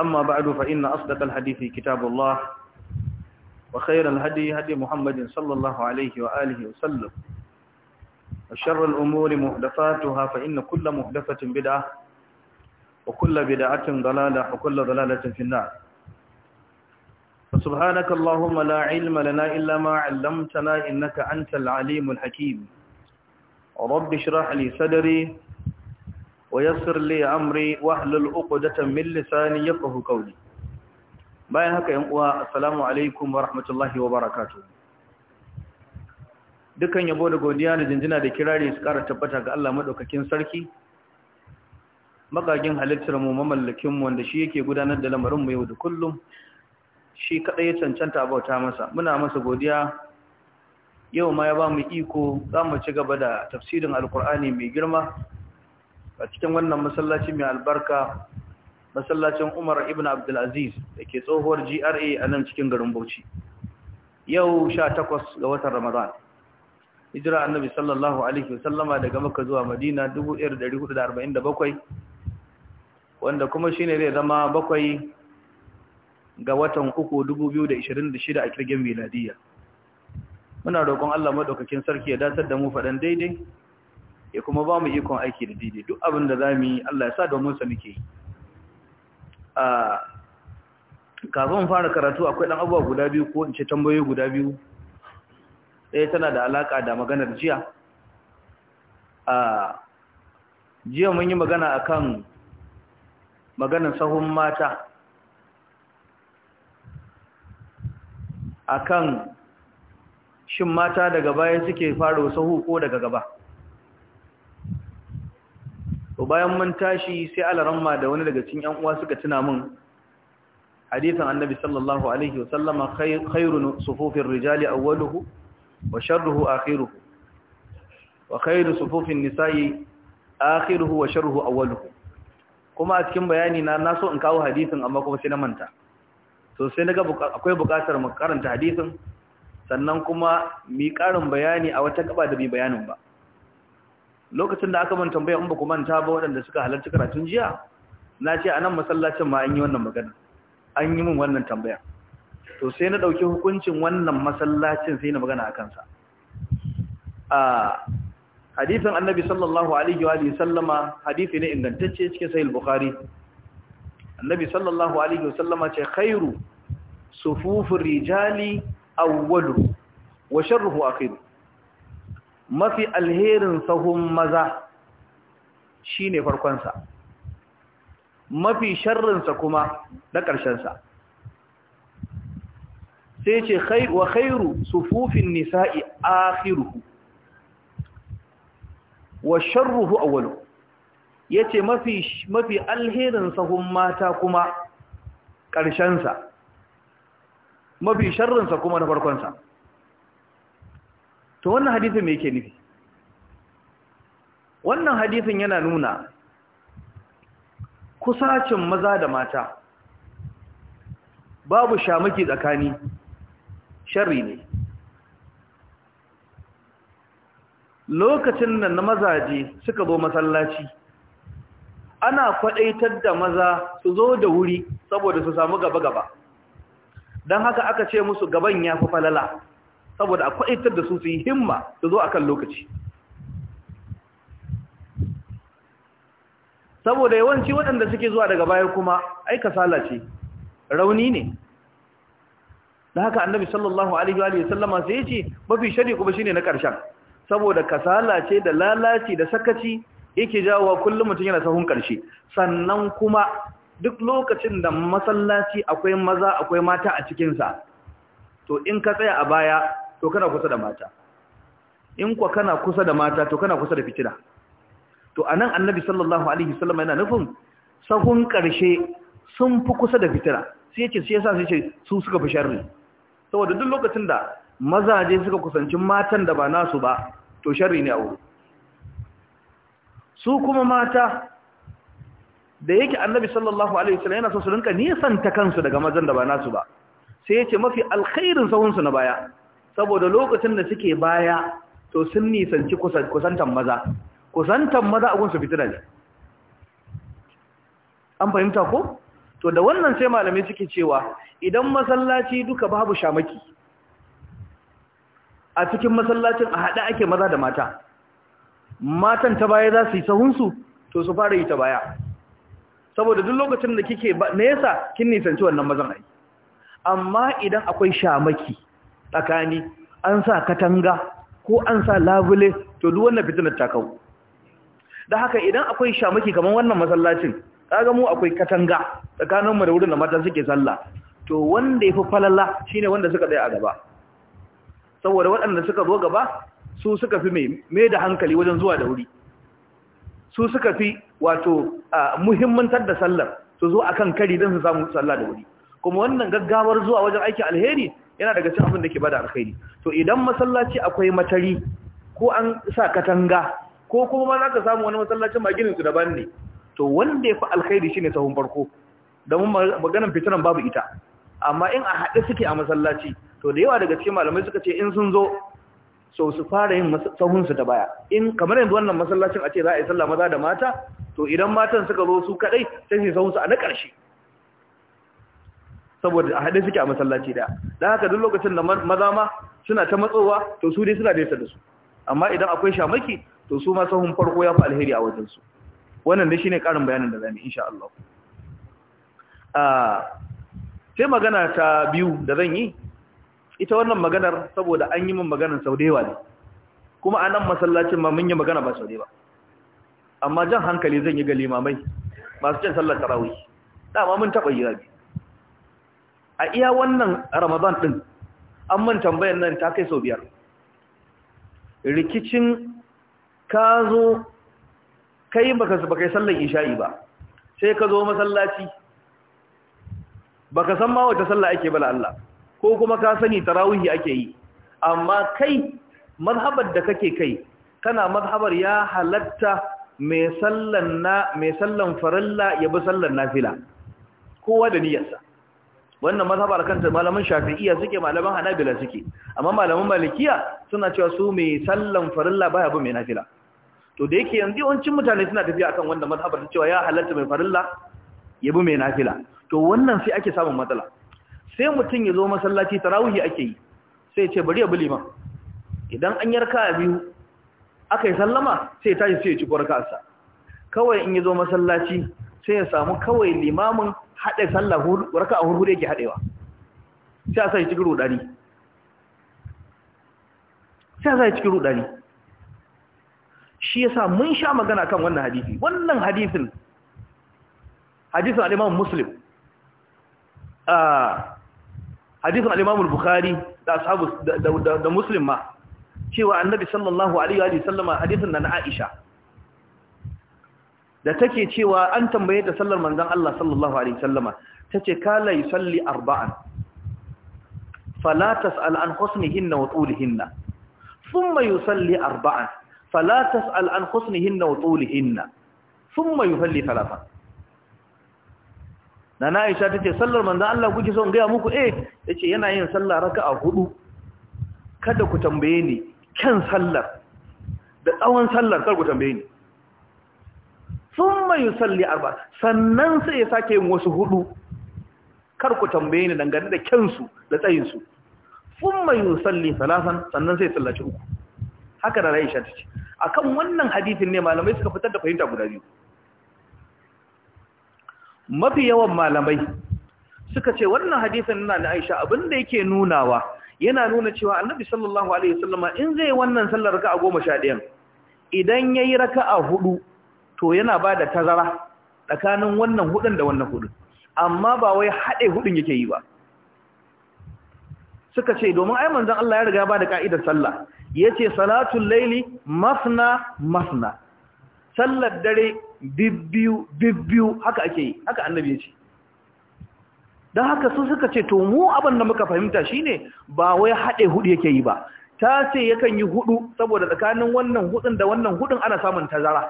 أما بعد فإن أصدق الحديث كتاب الله وخير الهدي هدي محمد صلى الله عليه وآله وسلم وشر الأمور محدثاتها فإن كل محدثة بدعة وكل بدعة ضلالة وكل ضلالة في النار فسبحانك اللهم لا علم لنا إلا ما علمتنا إنك أنت العليم الحكيم رب اشرح لي صدري ويسر لي امري واحلل عقدة من لساني يفقهوا قولي bayan haka yan uwa assalamu alaikum wa rahmatullahi wa dukan yabo da godiya da jinjina da kirari su kara tabbata ga Allah madaukakin sarki magagin halittar mu mamallakin mu wanda shi yake gudanar da lamarin mu yau da kullum shi kaɗai ya cancanta bauta masa muna masa godiya yau ma ya ba mu iko za mu ci gaba da tafsirin alkur'ani mai girma a cikin wannan masallaci mai albarka masallacin Umar ibn Abdul Aziz ke tsohuwar GRA a nan cikin garin Bauchi yau 18 ga watan Ramadan hijira annabi sallallahu alaihi wasallama daga Makka zuwa Madina 1447 wanda kuma shine zai zama bakwai ga watan uku 2026 a kirgin miladiya muna roƙon Allah madaukakin sarki ya datar da mu faɗan daidai ya kuma ba mu ikon aiki da daidai duk abin da za mu yi Allah ya sa domin sa muke yi a kafin fara karatu akwai ɗan abuwa guda biyu ko in ce tambayoyi guda biyu ɗaya tana da alaƙa da maganar jiya a jiya mun yi magana akan maganar sahun mata akan shin mata daga baya suke faro sahu ko daga gaba to bayan mun tashi sai alaramma da wani daga cikin yan uwa suka tuna min hadisin annabi sallallahu alaihi wa sallama khairu sufufin rijali awwaluhu wa sharruhu akhiruhu wa khairu sufufin nisa'i akhiruhu wa sharruhu awwaluhu kuma a cikin bayani na na so in kawo hadisin amma kuma sai na manta to sai naga akwai bukatar mu karanta hadisin sannan kuma mi karin bayani a wata gaba da bi bayanin ba lokacin da aka man tambaya in ba ku manta ba waɗanda suka halarci karatun jiya na ce a nan masallacin ma an yi wannan magana an yi min wannan tambaya to sai na ɗauki hukuncin wannan masallacin sai na magana a kansa a hadithin annabi sallallahu alaihi wa sallama hadithi ne ingantacce cikin sahih bukhari annabi sallallahu alaihi wa sallama ce khairu sufufur rijali awwalu wa sharruhu akhiru mafi alherin sahun maza shine farkonsa mafi sharrinsa kuma na ƙarshensa sai ce wa khairu sufufin nisa'i a akhiruhu wa sharruhu wani ya ce mafi alherin sahun mata kuma ƙarshensa mafi sharrinsa kuma na farkonsa to wannan hadisin me yake nufi wannan hadisin yana nuna kusacin maza da mata babu shamaki tsakani sharri ne lokacin nan na mazaje suka zo masallaci ana kwadaitar da maza su zo da wuri saboda su samu gaba-gaba don haka aka ce musu gaban ya fi falala saboda a kwaitar da su su yi himma su zo a kan lokaci saboda yawanci waɗanda suke zuwa daga baya kuma ai kasala ce rauni ne da haka annabi sallallahu alaihi wa sallama sai ce mafi shari'a kuma shine na ƙarshen saboda kasala ce da lalaci da sakaci yake jawowa kullum mutum yana sahun ƙarshe sannan kuma duk lokacin da masallaci akwai maza akwai mata a cikinsa to in ka tsaya a baya to kana kusa da mata in kwa kana kusa da mata to kana kusa da fitina to anan annabi sallallahu alaihi wasallam yana nufin sahun karshe sun fi kusa da fitina sai yace sai yasa sai yace su suka fi sharri saboda duk lokacin da mazaje suka kusanci matan da ba nasu ba to sharri ne a wuri su kuma mata da yake annabi sallallahu alaihi wasallam yana so su rinka nisan ta kansu daga mazan da ba nasu ba sai yace mafi alkhairin su na baya saboda lokacin da suke baya to sun nisanci kusantan maza kusantan maza a gunsu fitina ne an fahimta ko to da wannan sai malami suke cewa idan masallaci duka babu shamaki a cikin masallacin a haɗe ake maza da mata matan ta baya za su yi sahunsu to su fara yi ta baya saboda duk lokacin da kike nesa kin nisanci wannan mazan ai amma idan akwai shamaki tsakani an sa katanga ko an sa labule to duk wannan fitinar ta kawo da haka idan akwai shamaki kamar wannan masallacin kaga mu akwai katanga tsakanin mu da wurin da mata suke sallah to wanda yafi falalla shine wanda suka tsaya a gaba saboda waɗanda suka zo gaba su suka fi mai mai da hankali wajen zuwa da wuri su suka fi wato muhimmantar da sallar su zo akan kari don su samu sallah da wuri kuma wannan gaggawar zuwa wajen aikin alheri yana daga cin abin da ke bada alkhairi to idan masallaci akwai matari ko an sa katanga ko kuma za ka samu wani masallaci ma ginin su daban ne to wanda ya fi alkhairi shine sahun farko domin maganar fitinan babu ita amma in a haɗe suke a masallaci to da yawa daga cikin malamai suka ce in sun zo so su fara yin sahun su ta baya in kamar yanzu wannan masallacin a ce za a yi sallah maza da mata to idan matan suka zo su kadai sai su sahun su a na ƙarshe saboda a haɗe suke a masallaci ɗaya. don haka duk lokacin da maza ma suna ta matsowa to su dai suna nesa da su amma idan akwai shamaki to su ma sahun farko ya fi alheri a wajensu wannan dai shine karin bayanin da zamu insha Allah ah, sai magana ta biyu da zan yi ita wannan maganar saboda an yi min maganar sau da yawa ne kuma a nan masallacin ma mun yi magana ba sau da yawa amma jan hankali zan yi ga limamai masu cin sallar tarawih dama mun taɓa yi rabi a iya wannan ramadan din man tambayar nan ta kai sau biyar rikicin ka zo kai baka baka sallar isha'i ba sai ka zo masallaci baka san ma wata sallah ake bala Allah ko kuma ka sani tarawihi ake yi amma kai mazhabar da kake kai kana mazhabar ya halatta mai sallan na mai sallan farilla ya bi sallan nafila kowa da niyyarsa wannan mazhabar kanta malaman shafi'iyya suke malaman hanabila suke amma malaman malikiya suna cewa su mai sallan farilla baya bin mai nafila to da yake yanzu yawancin mutane suna tafiya akan wannan mazhabar ta cewa ya halatta mai farilla ya bi mai nafila to wannan sai ake samun matsala sai mutum ya zo masallaci tarawihi ake yi sai ce bari ya bi liman idan an yarka a biyu aka yi sallama sai ya tashi sai ya ci kwarkarsa kawai in ya zo masallaci sai ya samu kawai limamin haɗe sallah raka a hudu yake haɗewa sai a sai cikin rudani sai a sai cikin rudani shi yasa mun sha magana kan wannan hadisi wannan hadisin hadisin al-Imam Muslim ah hadisin al-Imam bukhari da ashabu da Muslim ma cewa annabi sallallahu alaihi wa sallama hadisin na Aisha da take cewa an tambaye ta sallar manzon Allah sallallahu alaihi wasallama tace kala yusalli arba'an fala tas'al an husnihinna wa tulihinna thumma yusalli arba'an fala tas'al an husnihinna wa tulihinna thumma yusalli thalathan nana Aisha tace sallar manzon Allah kuke son ga muku eh tace yana yin sallah raka'a hudu kada ku tambaye ni kan sallar da tsawon sallar kar ku tambaye ni sun mai salli arba sannan sai ya sake yin wasu hudu kar ku tambaye ni dangane da kyansu da tsayinsu sun mai salli salasan sannan sai ya sallaci uku haka da Aisha ta ce kan wannan hadithin ne malamai suka fitar da fahimta guda biyu mafi yawan malamai suka ce wannan hadithin na na Aisha abinda yake nunawa yana nuna cewa Annabi sallallahu alaihi wasallama in zai wannan sallar sha 11 idan yayi raka'a hudu to yana ba da tazara tsakanin wannan hudun da wannan hudun amma ba wai haɗe hudun yake yi ba suka ce domin ai manzon Allah ya riga ba da ka'idar sallah yace salatul laili masna masna sallar dare bibbiu bibbiu haka ake yi haka annabi ya ce don haka su suka ce to mu abin da muka fahimta shine ba wai haɗe hudu yake yi ba ta ce yakan yi hudu saboda tsakanin wannan hudun da wannan hudun ana samun tazara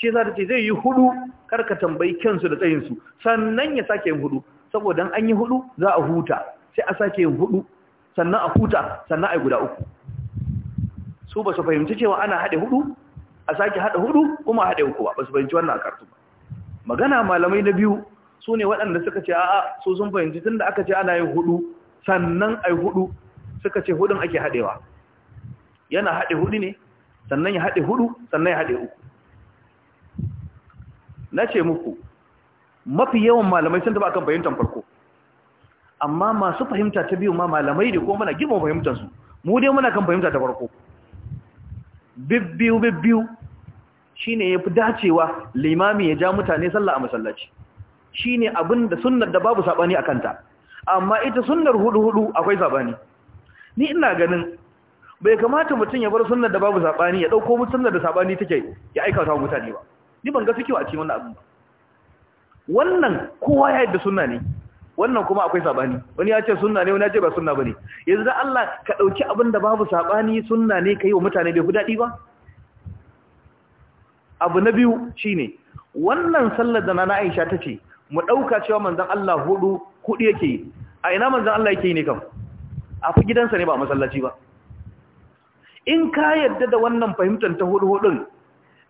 shi za ta ce zai yi hudu karka tambayi kyansu da tsayinsu sannan ya sake yin hudu saboda an yi hudu za a huta sai a sake yin hudu sannan a huta sannan a yi guda uku su ba su fahimci cewa ana haɗe hudu a sake haɗe hudu kuma haɗe uku ba ba su fahimci wannan a kartu ba magana malamai na biyu su ne waɗanda suka ce a'a su sun fahimci tun da aka ce ana yin hudu sannan a yi hudu suka ce hudun ake haɗewa yana haɗe hudu ne sannan ya haɗe hudu sannan ya haɗe uku na ce muku mafi yawan malamai sun taba kan fahimtar farko amma masu fahimta ta biyu ma malamai ne kuma muna gima fahimtar su mu dai muna kan fahimta ta farko bibbiyu bibbiyu shine yafi dacewa limami ya ja mutane sallah a masallaci shine abin da sunnar da babu sabani a kanta amma ita sunnar hudu hudu akwai sabani ni ina ganin bai kamata mutum ya bar sunnar da babu sabani ya dauko sunnar da sabani take ya aikata ta mutane ba ni ban ga kiwa a cikin wannan abin ba wannan kowa ya yadda sunna ne wannan kuma akwai sabani wani ya ce sunna ne wani ya ce ba sunna bane yanzu da Allah ka dauki abin da babu sabani sunna ne kai wa mutane bai daɗi ba abu na biyu shine wannan sallar da nana Aisha ta ce mu dauka cewa manzon Allah hudu hudu yake a ina manzon Allah yake ne kam a fi gidansa ne ba masallaci ba in ka yadda da wannan fahimtar ta hudu hudun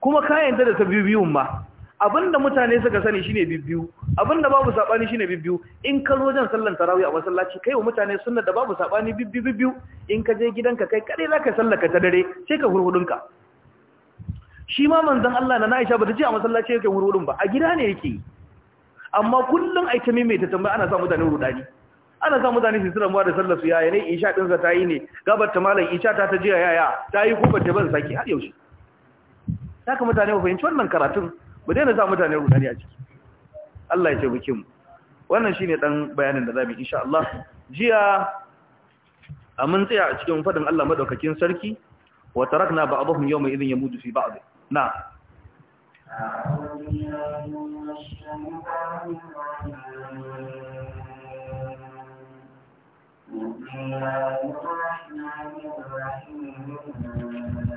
kuma ka da ta biyu biyun ma abinda mutane suka sani shine bibbiyu abinda babu sabani shine bibbiyu in ka zo wajen sallan tarawih a masallaci kai wa mutane sunna da babu sabani bibbi bibbiyu in ka je gidanka kai kare zaka sallaka ta dare sai ka hurhudunka shi ma manzon Allah na Aisha bata je a masallaci yake hurhudun ba a gida ne yake amma kullun ai ta maimaita tambaya ana sa mutane rudani ana sa mutane su sirran da sallar su yaya ne isha din sa tayi ne gabar ta malam isha ta ta jiya yaya tayi kuma ta ban saki har yaushe ya ka mutane mu fahimci wannan karatun Ba daina za mutane rudani a ciki Allah ya ce muke mu wannan shine dan bayanin da zamu insha Allah jiya a mun tsaya a cikin faɗin Allah madaukakin sarki wa tarakna ba'dahum yawma idhin yamudu fi ba'd na بسم الله الرحمن الرحيم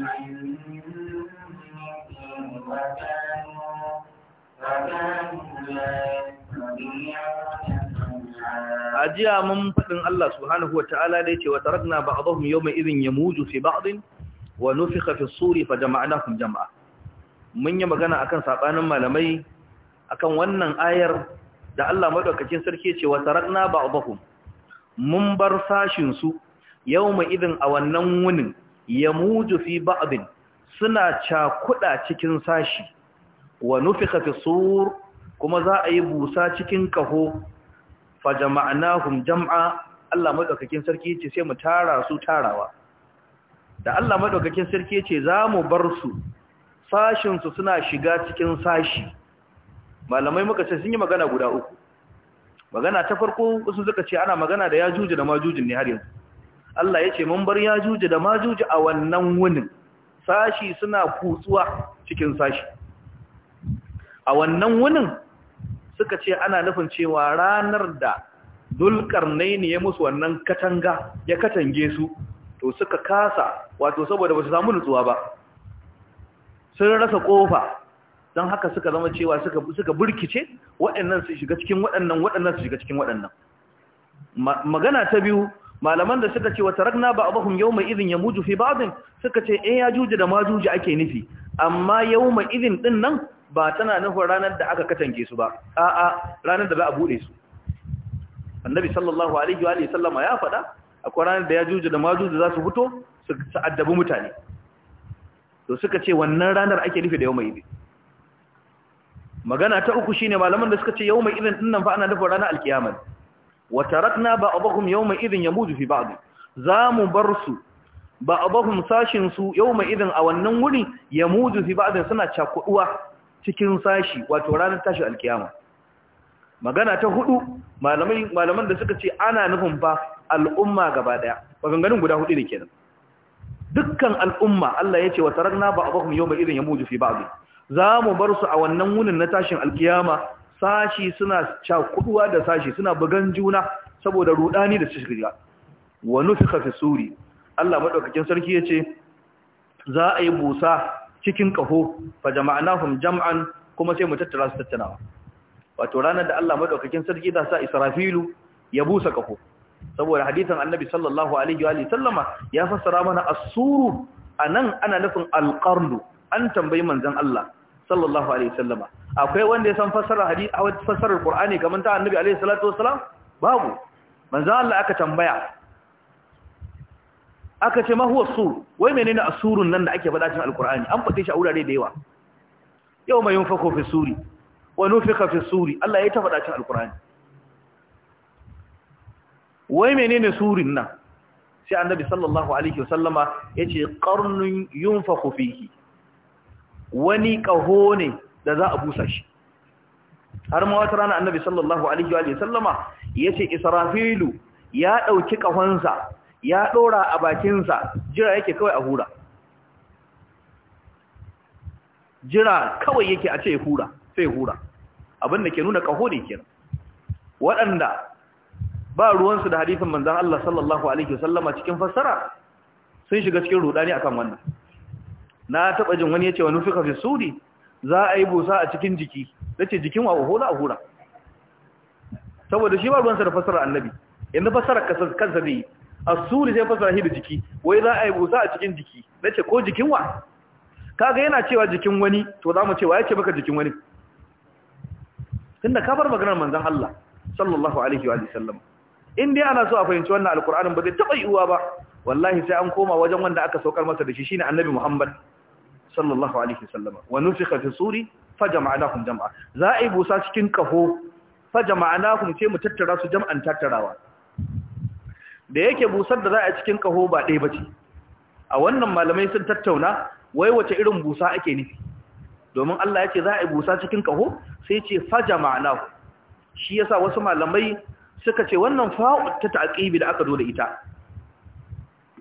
ajiya mun faɗin Allah subhanahu wa ta'ala da yake wa tarakna ba'dahum yawma idhin yamuju fi ba'din wa nufikha fi suri fa jama'nahum jama'a mun yi magana akan sabanin malamai akan wannan ayar da Allah madaukakin sarki ce wa tarakna ba'dahum mun bar sashin su yawma idhin a wannan wunin muju fi ba'abin suna cakuda cikin sashi wa nufi fi kuma za a yi busa cikin kaho fa hun jam'a Allah maɗaukakin sarki ce sai mu tara su tarawa da Allah maɗaukakin sarki ce za mu bar su Sashinsu suna shiga cikin sashi malamai muka ce sun yi magana guda uku magana ta farko su suka ce ana magana da yajuji da majujin ne har yanzu Allah ya ce mun bar ya juji da ma juji a wannan wunin sashi suna kutsuwa cikin sashi a wannan wunin suka ce ana nufin cewa ranar da ne ya musu wannan katanga ya katange su to suka kasa wato saboda ba su samu nutsuwa ba sun rasa kofa don haka suka zama cewa suka burkice waɗannan su shiga cikin waɗannan waɗannan su shiga cikin waɗannan magana ta biyu malaman da suka ce wata ragna ba abahum yawma ya muju fi ba'din suka ce ya eh, yajuju da ma majuju ake nufi amma yawma idhin ɗin nan ba tana nufin ranar da aka katange su ba a'a ranar da za a buɗe su annabi sallallahu alaihi wa sallama ya faɗa akwai ranar da ya yajuju da ma majuju za su fito su addabi mutane to suka ce wannan ranar ake nufi da yawma idhin magana ta uku shine malaman da suka ce yawma idhin din nan fa ana nufin ranar alkiyama wa tarakna ba'dahum yawma idhin yamuju fi ba'd za mu bar su ba ba'dahum sashin su yawma idhin a wannan wuri yamuju fi ba ba'd suna cakuduwa cikin sashi wato ranar tashi alkiyama magana ta hudu malamai malaman da suka ce ana nufin ba al'umma gaba daya maganganun guda hudu ne kenan dukkan al'umma Allah ya ce ba wa tarakna ba'dahum yawma idhin yamuju fi ba'd za mu bar su a wannan wunin na tashin alkiyama sashi suna cakuduwa da sashi suna bugan juna saboda rudani da shirya wa nufika fi suri Allah madaukakin sarki yace za a yi busa cikin kaho fa jama'nahum jam'an kuma sai mu tattara su tattarawa wato ranar da Allah madaukakin sarki da sa Israfilu ya busa kaho saboda hadisin Annabi sallallahu alaihi wa sallama ya fassara mana as-suru anan ana nufin al-qarnu an tambayi manzon Allah sallallahu alaihi wa sallama akwai wanda ya san fassarar hadisi a fassarar Qur'ani kamar ta Annabi alaihi salatu wasalam babu manzo Allah aka tambaya aka ce ma huwa sur wai menene asurun nan da ake faɗa cikin qurani an faɗe shi a wurare da yawa yau mai yunfako fi suri wa nufika fi suri Allah ya ta faɗa cikin alqur'ani wai menene surin nan sai annabi sallallahu alaihi wasallama yace qarnun yunfaku fihi wani kaho ne da za a busa shi har ma wata rana annabi sallallahu alaihi wa sallama ya ce israfilu ya ɗauki ƙahonsa ya ɗora a bakinsa jira yake kawai a hura jira kawai yake a ce hura sai hura abin da ke nuna ƙaho ne kenan waɗanda ba ruwansu da hadifin manzan Allah sallallahu alaihi sallama cikin fassara sun shiga cikin rudani akan wannan na taɓa jin wani ya ce wani fi kafin suri za a yi busa a cikin jiki ce jikin wa uhura uhura a saboda shi ba ruwansa da fasara annabi yanzu fasara kansa zai yi asuri sai fasara shi da jiki wai za a yi busa a cikin jiki ce ko jikin wa kaga yana cewa jikin wani to za mu cewa ya ce maka jikin wani tunda kafar maganar manzon Allah sallallahu alaihi wa sallam in dai ana so a fahimci wannan alkur'anin ba zai taɓa yiwuwa ba wallahi sai an koma wajen wanda aka saukar masa da shi shine annabi muhammad sallallahu alaihi wasallam wa nufika fi suri fajama'nahum jam'a za a yi busa cikin kaho fajama'nahum sai mu tattara su jam'an tattarawa da yake busar da za a cikin kaho ba ɗaya bace a wannan malamai sun tattauna wai wace irin busa ake nufi domin Allah ya ce za a yi busa cikin kaho sai ce fa fajama'nahu shi yasa wasu malamai suka ce wannan fa'u ta ta'qibi da aka zo da ita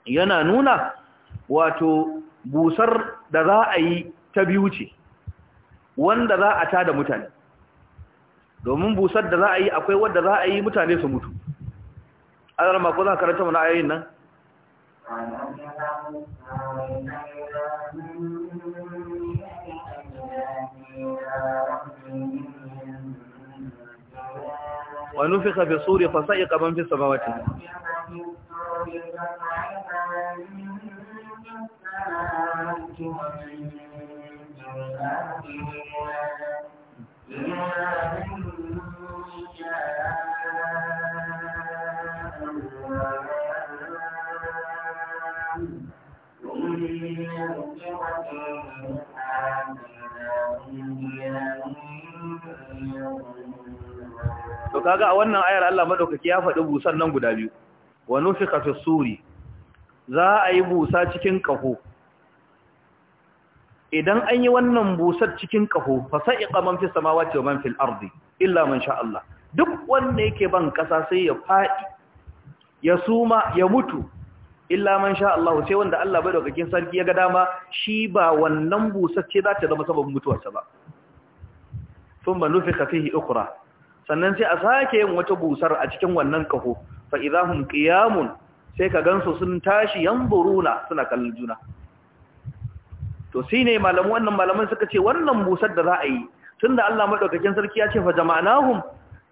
yana nuna wato busar da za a yi ta biyu ce wanda za a tada mutane domin busar da za a yi akwai wadda za a yi mutane su mutu azalma ko za a karanta mana ayoyin nan wani nufiqa fi suri fa sa'iqa man fi ce? To kaga a wannan ayar Allah madaukaki ya faɗi busan nan guda biyu wa nufi fi suri za a yi busa cikin ƙaho idan an yi wannan busar cikin ƙaho fa sa'iqa man fis samawati wa man fil ardi illa man sha Allah duk wanda yake ban kasa sai ya fadi ya suma ya mutu illa man sha Allah sai wanda Allah bai daukakin sarki ya ga dama shi ba wannan busar ce za ta zama sabon mutuwarsa ba thumma nufikha fihi ukhra sannan sai a sake yin wata busar a cikin wannan kaho fa idahum qiyamun sai ka gansu sun tashi yanzuruna suna kallon juna to shi ne malamu wannan malaman suka ce wannan busar da za a yi tun da Allah maɗaukakin sarki ya ce fa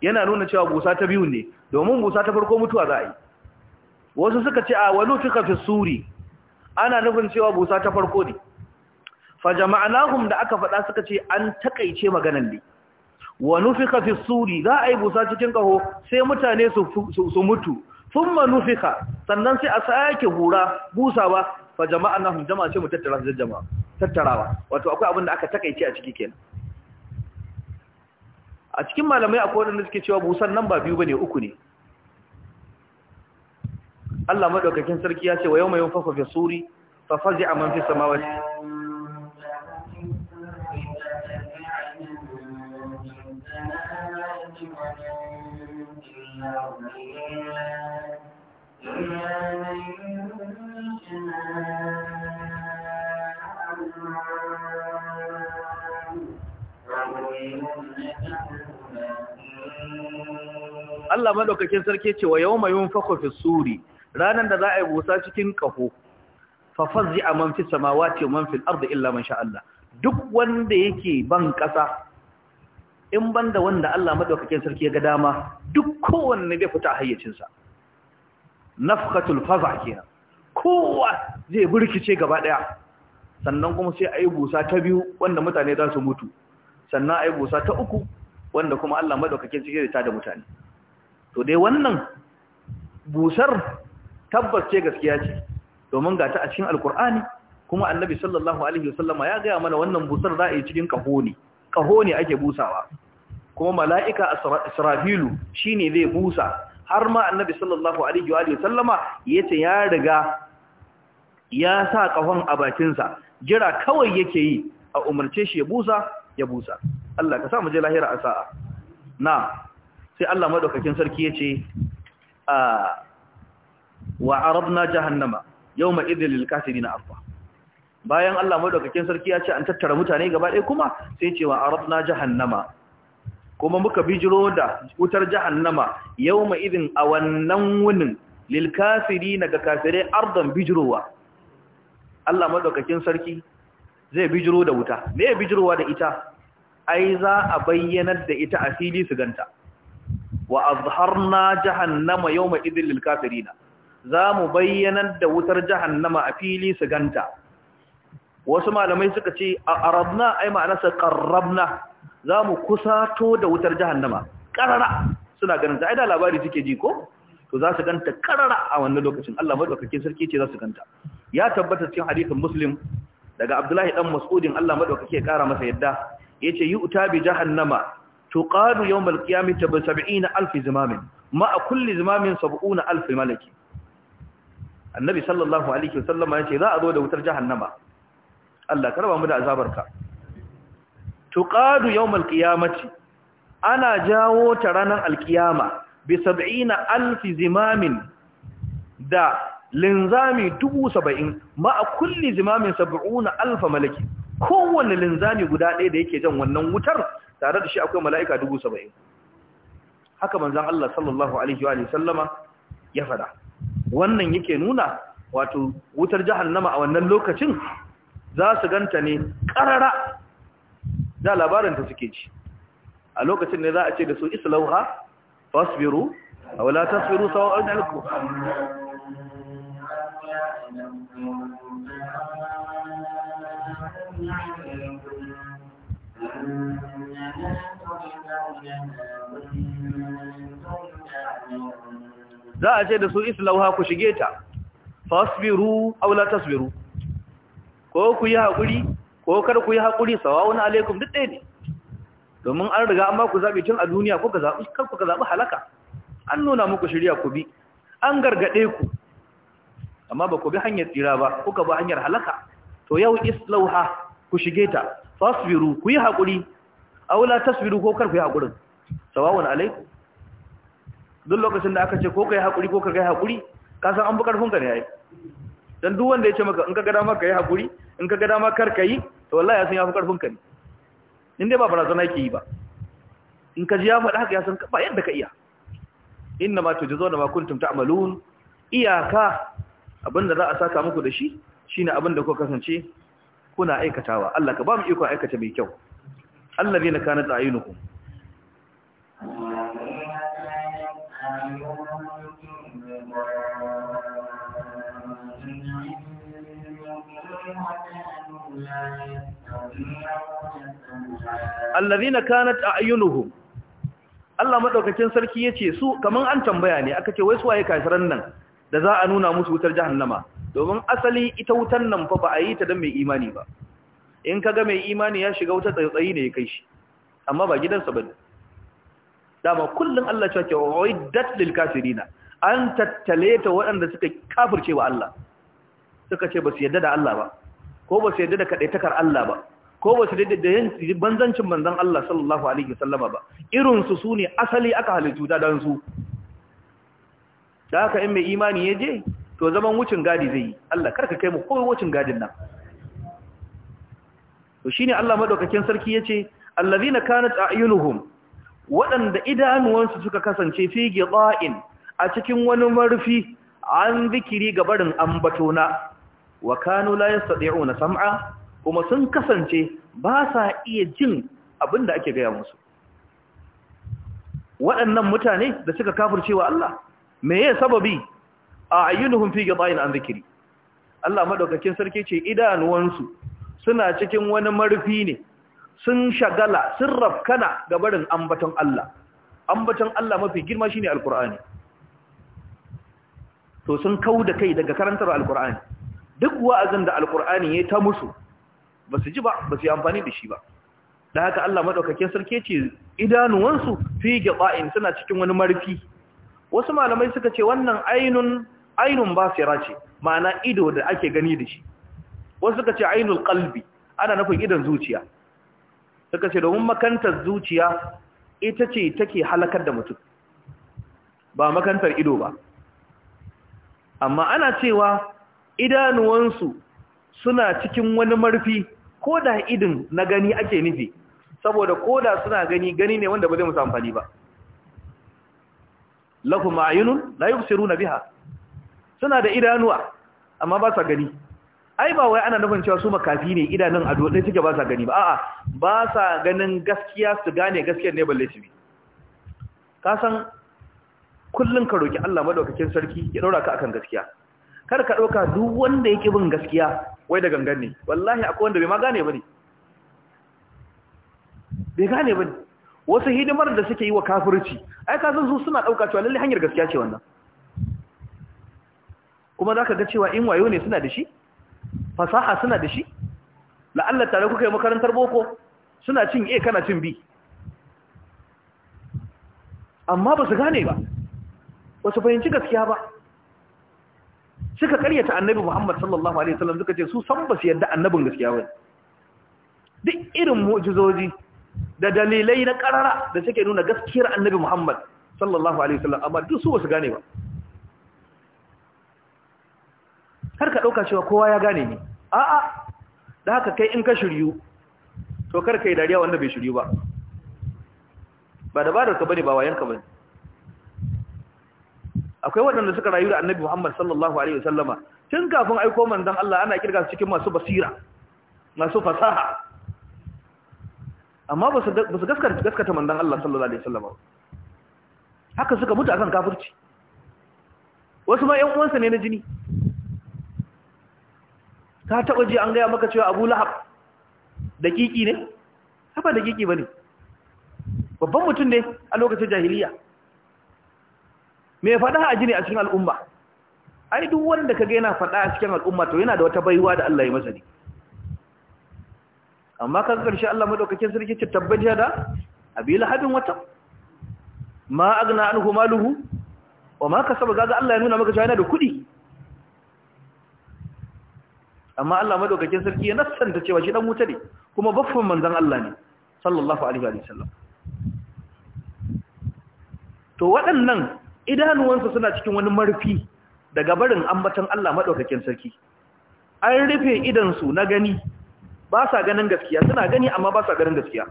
yana nuna cewa busa ta biyu ne domin busa ta farko mutuwa za a yi wasu suka ce a walu tuka fi suri ana nufin cewa busa ta farko ne fa jama'anahum da aka faɗa suka ce an takaice maganan ne wa nufika fi suri za a yi busa cikin kaho sai mutane su mutu thumma nufika sannan sai a sake hura busa ba fa jama'anahum jama'a ce mu tattara jama'a tattarawa wato akwai abin da aka takaice a ciki kenan a cikin malamai akwai wadanda suke cewa busan nan ba biyu bane uku ne Allah madaukakin sarki ya ce wa yau mai yau fi suri fa fazi'a man fi samawati Thank you. Allah madaukakin sarki ce wa yawma yunfakhu fi suri ranan da za a yi busa cikin kafo fa a man fi samawati wa man fil ardi illa man sha Allah duk wanda yake ban kasa in banda wanda Allah madaukakin sarki ya ga dama duk kowanne zai fita hayyacin sa nafkhatul faza kenan kowa zai burkice gaba daya sannan kuma sai a yi busa ta biyu wanda mutane za su mutu sannan a yi busa ta uku wanda kuma Allah madaukakin sarki zai tada mutane to dai wannan busar tabbas ce gaskiya ce domin ga ta a cikin alkur'ani kuma annabi sallallahu alaihi wasallama ya gaya mana wannan busar za a yi cikin kaho ne kaho ne ake busawa kuma mala'ika israfilu shine zai busa har ma annabi sallallahu alaihi wa sallama yace ya riga ya sa kahon a bakinsa jira kawai yake yi a umurce shi ya busa ya busa Allah ka sa mu je lahira a sa'a na sai Allah maɗaukakin sarki ce a wa arabna jahannama yawma idhil lilkasiri na arfa bayan Allah maɗaukakin sarki ya ce an tattara mutane gaba ɗaya kuma sai ce wa arabna jahannama kuma muka bijiro da wutar jahannama ma idhin a wannan wunin lilkasiri na ga kafirai ardan bijirowa Allah maɗaukakin sarki zai bijiro da wuta me bijirowa da ita ai za a bayyanar da ita a fili su ganta wa azharna jahannama yawma idhil lil kafirina zamu bayyanan da wutar jahannama a fili su ganta wasu malamai suka ce arabna ai ma'anarsa qarrabna zamu kusato da wutar jahannama karara suna ganin ta ai da labari suke ji ko to za su ganta karara a wannan lokacin Allah madaukakin sarki ce za su ganta ya tabbata cikin hadisin muslim daga abdullahi dan mas'udin Allah madaukake ya kara masa yadda yace yu'ta bi jahannama tuqadu yawm al-qiyamati bi 70000 zimamin ma kulli zimamin 70000 malaki annabi sallallahu alaihi wasallam ya ce za a zo da wutar jahannama Allah karba mu da azabarka tuqadu yawm al ana jawo ta ranar alkiyama bi 70000 zimamin da linzami 70 ma kulli zimamin 70000 malaki kowanne linzami guda ɗaya da yake jan wannan wutar tare da shi akwai mala'ika dubu saba'in haka manzan Allah sallallahu Alaihi wa sallama ya fada wannan yake nuna wato wutar jahannama a wannan lokacin za su ganta ne ƙarara da labarinta suke ci a lokacin ne za a ce da su islauha fasbiru a wala tasbiru sawa'ar da alku za a ce da su islauha ku shige ta fasbiru aw la tasbiru ko ku yi hakuri ko kar ku yi hakuri sawawun alaikum duk ɗaya ne domin an riga an ba ku zabi tun a duniya ka zabi kar ka zabi halaka an nuna muku shirya ku bi an gargade ku amma ba ku bi hanyar tsira ba kuka bi hanyar halaka to yau islauha ku shige ta fasbiru ku yi hakuri aw la tasbiru ko kar ku yi hakuri sawawun alaikum duk lokacin da aka ce ko kai hakuri ko ka kai hakuri ka san an bu karfin ka ne ai dan duk wanda ya ce maka in ka ga dama ka yi hakuri in ka ga dama kar ka yi, to wallahi ya san ya fi karfin ka ne in dai ba barazana yake yi ba in ka ji ya faɗa haka ya san ba yadda ka iya inna ma na ma kuntum ta'malun iyaka abinda za a saka muku da shi shine abinda kuka kasance kuna aikatawa Allah ka ba mu iko aikata mai kyau allazina kanat ayunukum الذين kanat اعينهم Allah madaukakin sarki yace su kaman an tambaya ne aka ce wai su waye kafiran nan da za a nuna musu wutar jahannama domin asali ita wutan nan fa ba a yi ta dan mai imani ba in kaga mai imani ya shiga wutar tsayi ne ya kai shi amma ba gidansa bane dama kullum Allah cewa ke uiddat lil kafirina an tattale ta waɗanda suka kafirce wa Allah suka ce ba su yadda da Allah ba ko ba su yadda da kadaitakar Allah ba ko ba su yadda da banzancin manzon Allah sallallahu alaihi wasallama ba irin su sune asali aka halittu da dan su da haka in mai imani ya je to zaman wucin gadi zai yi Allah karka kai mu koyi wucin gadin nan to shine Allah madaukakin sarki yace allazina kanat a'yunuhum waɗanda idanuwansu suka kasance fi gida'in a cikin wani marfi an zikiri ga barin ambatona wa kanu la na sam'a kuma sun kasance ba sa iya jin abinda ake gaya musu waɗannan mutane da suka wa Allah me ya sababi a ayyunuhun fi gida'in an zikiri Allah madaukakin sarki ce idanuwansu suna cikin wani marfi ne sun shagala sun rafkana ga barin ambaton Allah ambaton Allah mafi girma shine alqur'ani to sun kauda kai daga karantar alqur'ani duk wa'azin da alqur'ani yayi ta musu basu ji ba basu yi amfani da shi ba da haka Allah madaukakin sarki ce idanuwansu fi gaba'in suna cikin wani marfi wasu malamai suka ce wannan ainun ainun basira ce ma'ana ido da ake gani da shi wasu suka ce ainul qalbi ana nufin idan zuciya suka ce domin makantar zuciya ita ce take halakar da mutum ba makantar ido ba amma ana cewa idanuwansu suna cikin wani marfi ko da idin na gani ake nufi saboda ko da suna gani gani ne wanda ba zai musu amfani ba lahum ayunun la yubsiruna biha suna da idanuwa amma ba sa gani ai ba wai ana nufin cewa su makafi ne idanun a dole suke ba sa gani ba a'a ba sa ganin gaskiya su gane gaskiyar ne balle su bi ka san kullun ka roki Allah madaukakin sarki ya daura ka akan gaskiya kar ka dauka duk wanda yake bin gaskiya wai da gangan ne wallahi akwai wanda bai ma gane ne bai gane ne wasu hidimar da suke yi wa kafirci ai ka san su suna dauka cewa lalle hanyar gaskiya ce wannan kuma zaka ga cewa in wayo ne suna da shi fasaha suna da shi la'allar tare kuka yi makarantar boko suna cin a kana cin b amma ba su gane ba ba su fahimci gaskiya ba suka karyata annabi muhammad sallallahu alaihi wasallam suka ce su san ba su yadda annabin gaskiya ba duk irin mu'jizoji da dalilai na karara da suke nuna gaskiyar annabi muhammad sallallahu alaihi wasallam amma duk su ba su gane ba kar ka ɗauka cewa kowa ya gane ni a'a da haka kai in ka shiryu to kar ka yi dariya wanda bai shiryu ba ba dabararka bane ba wayanka bane akwai waɗanda suka rayu da annabi Muhammad sallallahu alaihi wasallama tun kafin aiko manzan Allah ana kirga su cikin masu basira masu fasaha amma ba su gaskata manzan Allah sallallahu alaihi wasallama haka suka mutu akan kafirci wasu ma ƴan uwansa ne na jini ka taɓa ji an gaya maka cewa abu lahab dakiki ne da dakiki ba ne babban mutum ne a lokacin jahiliya mai faɗa a jini a cikin al'umma ai duk wanda ka gaina faɗa a cikin al'umma to yana da wata baiwa da Allah ya masa ne amma kan ƙarshe Allah maɗaukakin sarki ce tabbaji da abi lahabin wata ma agna anhu maluhu wa ma kasaba gaga Allah ya nuna maka cewa yana da kuɗi amma Allah madaukakin sarki ya nassanta cewa shi dan wuta ne kuma baffin manzon Allah ne sallallahu alaihi wa sallam to waɗannan idanuwansu suna cikin wani marfi daga barin ambatan Allah madaukakin sarki an rufe su na gani ba sa ganin gaskiya suna gani amma ba sa ganin gaskiya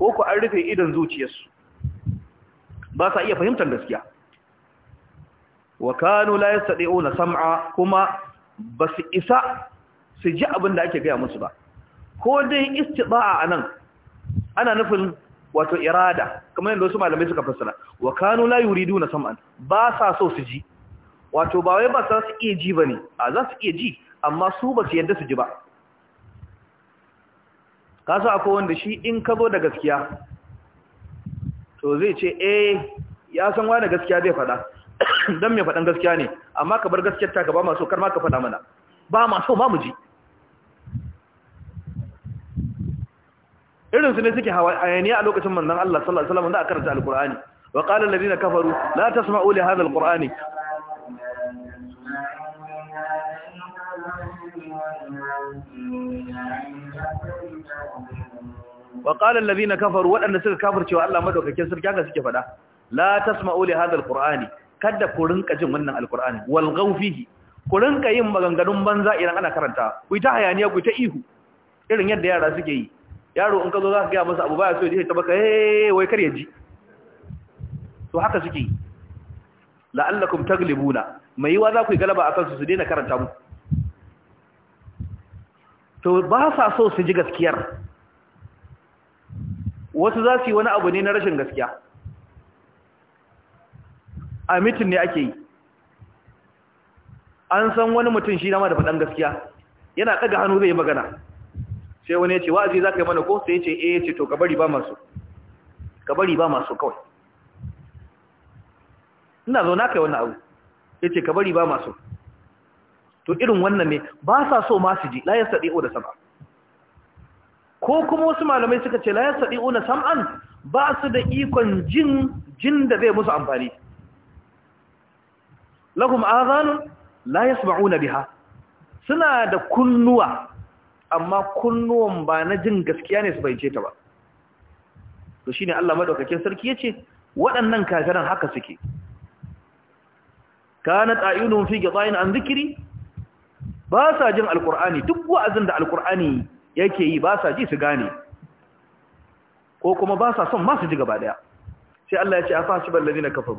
ko ku an rufe idan zuciyarsu ba sa iya fahimtar gaskiya wa kanu la yastadi'una sam'a kuma basu isa su ji abin da ake gaya musu ba ko dai a nan, ana nufin wato irada kamar yadda wasu malamai suka fassara wa kanu la na sam'an ba sa so su ji wato ba wai ba su iya ji ba ne. a za su iya ji amma su ba su yadda su ji ba ka sa akwai wanda shi in ka zo da gaskiya to zai ce eh ya san wani gaskiya zai faɗa don mai faɗan gaskiya ne amma ka bar gaskiyar ta ka ba masu kar ma ka faɗa mana ba masu ba mu ji irin su ne suke hayaniya a lokacin manzon Allah sallallahu alaihi wasallam da aka karanta alqur'ani wa qala alladhina kafaru la tasma'u li hadha alqur'ani wa qala alladhina kafaru wadanda suka kafirce wa Allah madaukakin sarki haka suke fada la tasma'u li hadha alqur'ani kada ku rinka jin wannan alqur'ani wal ghawfihi ku rinka yin maganganun banza idan ana karanta ku ta hayaniya ku ta ihu irin yadda yara suke yi yaro in ka zo za ka gaya masa abu ya so ya ta baka eh wai kar ya ji to haka suke la'allakum taglibuna mai yiwa za ku yi galaba a kansu su daina karanta mu to ba sa so su ji gaskiyar wasu za su yi wani abu ne na rashin gaskiya a mitin ne ake yi an san wani mutum shi na ma da faɗan gaskiya yana ɗaga hannu zai yi magana sai wani ya ce wa'azi za ka yi mana ko sai ya ce eh ce to kabari ba masu kabari ba masu kawai ina zo na kai wannan abu ya ce kabari ba masu to irin wannan ne ba sa so ma su ji layar ya saɗi'o da sama ko kuma wasu malamai suka ce layar ya saɗi'o na sam'an ba su da ikon jin jin da zai musu amfani lahum azanun la yasma'una biha suna da kunnuwa amma kunnuwan ba na jin gaskiya ne su bayyance ta ba to shine Allah madaukakin sarki ya ce waɗannan kafiran haka suke kanat ayunuhum fi ghitayin an zikiri? ba sa jin alqur'ani duk wa'azin da alqur'ani yake yi ba sa ji su gane ko kuma ba sa son masu ji gaba daya sai Allah ya ce a afasibal na kafaru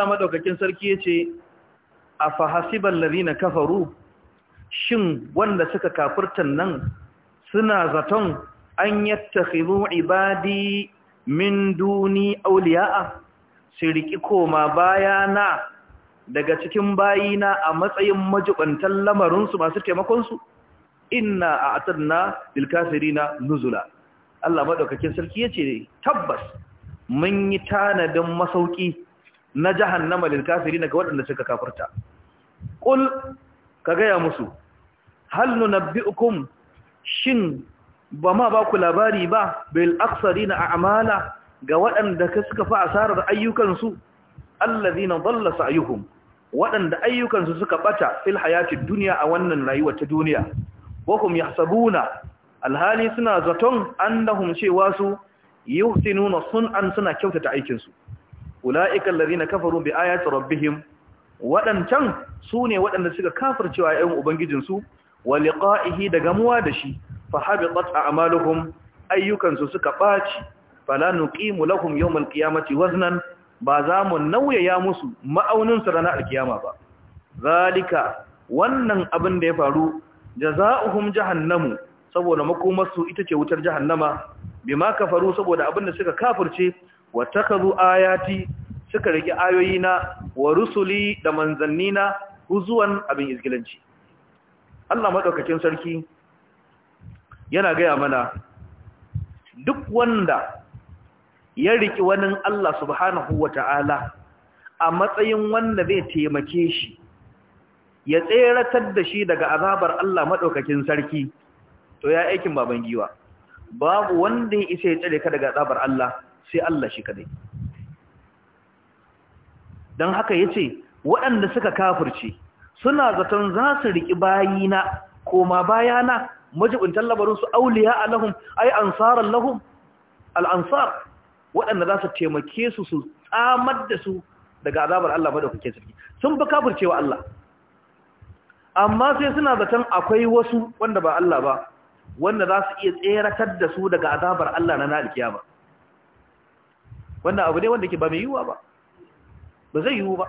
Allah madaukakin sarki yace afa ladina kafaru shin wanda suka kafirtan nan suna zaton an yattakhidhu ibadi min duni awliya'a siriki koma bayana daga cikin bayina a matsayin majibantan lamarinsu masu taimakonsu inna a atarna dilkafirina nuzula Allah maɗaukakin sarki ya ce tabbas mun yi tanadin masauki na jahannama lil ga waɗanda suka kafirta Kul, ka gaya musu hal nunabbiukum shin ba ma ba ku labari ba bil aksarina a'mala ga waɗanda suka fa asarar ayyukansu allazina dalla sa'yuhum waɗanda ayyukansu suka bata fil hayatid dunya a wannan rayuwar ta duniya wa hum yahsabuna alhali suna zaton annahum cewa su yuhsinuna sun'an suna kyautata aikinsu ula'ikan lalina kafaru bi ayati rabbihim waɗancan su ne waɗanda suka kafircewa ‘yan Ubangijinsu wa liqa'ihi da gamuwa da shi fa haɓiɓat a amaluhum ayyukansu suka ɓaci fala nuqimu lahum yawmal qiyamati waznan ba za mu nauyaya musu ma'aunin su ranar alkiyama ba zalika wannan abin da ya faru jazaohum jahannamu saboda makomarsu ita ce wutar jahannama bima kafaru saboda abin da suka kafirce watakazu ayati suka rike ayoyina wa rusuli da manzannina huzuwan abin izgilanci Allah madaukakin sarki yana gaya mana duk wanda ya riki wani Allah subhanahu wata'ala a matsayin wanda zai taimake shi ya tseratar da shi daga azabar Allah madaukakin sarki to ya aikin baban giwa babu wanda ya isa ya tsare ka daga azabar Allah sai Allah shi kadai don haka ya ce waɗanda suka kafirce suna zaton za su riƙi bayina koma bayana majibintan labarinsu auliya alahum ai ansarar lahum al'ansar waɗanda za su taimake su su tsamar da su daga azabar Allah da kuke sarki sun fi kafircewa Allah amma sai suna zaton akwai wasu wanda ba Allah ba wanda za su iya tseratar da su daga azabar Allah na nalkiya ba wannan abu ne wanda ke ba mai yiwuwa ba ba zai yiwu ba